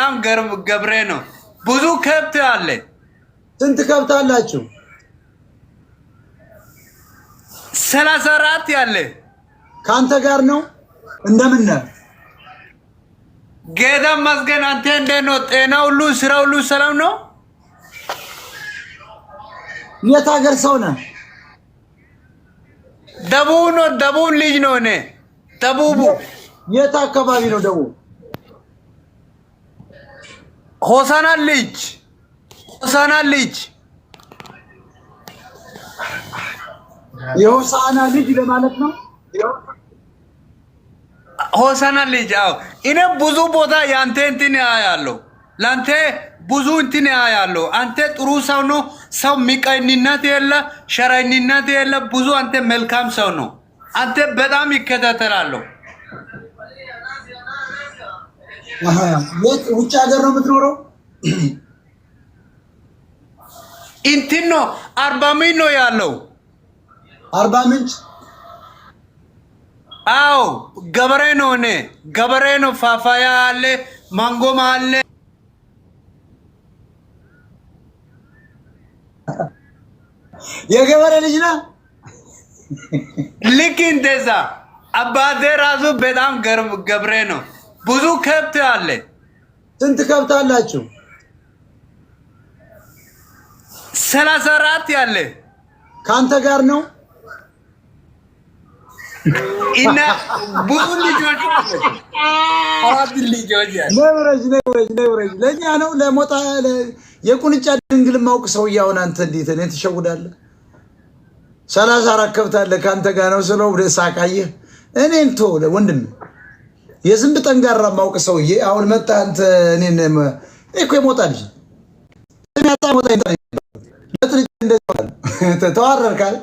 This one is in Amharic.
በጣም ገብሬ ነው። ብዙ ከብት አለ። ስንት ከብት አላችሁ? ሰላሳ አራት ያለ ከአንተ ጋር ነው። እንደምን ነህ? ጌታ ይመስገን። አንተ እንዴት ነው? ጤና ሁሉ፣ ስራ ሁሉ ሰላም ነው? የት ሀገር ሰው ነህ? ደቡብ ነው። ደቡብ ልጅ ነው። እኔ ደቡቡ የት አካባቢ ነው ደቡብ ሆሳና ልጅ ሆሳና ልጅ የሆሳና ልጅ ለማለት ነው። ሆሳና ልጅ አዎ፣ እኔ ብዙ ቦታ ያንተ እንትን ያያለሁ፣ ለአንተ ብዙ እንትን ያያለሁ። አንተ ጥሩ ሰው ነው። ሰው ሚቀኝነት የለ ሸረኝነት የለ። ብዙ አንተ መልካም ሰው ነው። አንተ በጣም ይከታተላለሁ ውጭ ሀገር ነው የምትኖረው? እንትን ነው አርባ ምንጭ ነው ያለው። አርባ ምንጭ አዎ፣ ገበሬ ነው። እኔ ገበሬ ነው። ፋፋያ አለ፣ ማንጎም አለ። የገበሬ ልጅ ነው ልክ እንደዛ አባቴ ራሱ በጣም ገብሬ ነው። ብዙ ከብት አለ። ስንት ከብት አላችሁ? ሰላሳ አራት ያለ ከአንተ ጋር ነው እና ብዙ ልጆች አራት ልጆች ነብረጅ ነብረጅ ነብረጅ ለእኛ ነው ለሞጣ የቁንጫ ድንግል ማውቅ ሰውዬ። አሁን አንተ እንዴት እኔ ትሸውዳለህ? ሰላሳ አራት ከብት አለ ከአንተ ጋር ነው ስለው ሳቃየህ። እኔን ቶ ወንድም የዝንብ ጠንጋራ ማውቅ ሰውዬ አሁን መጣ። አንተ እኔን እኮ የሞጣ ልጅ ተዋረርካል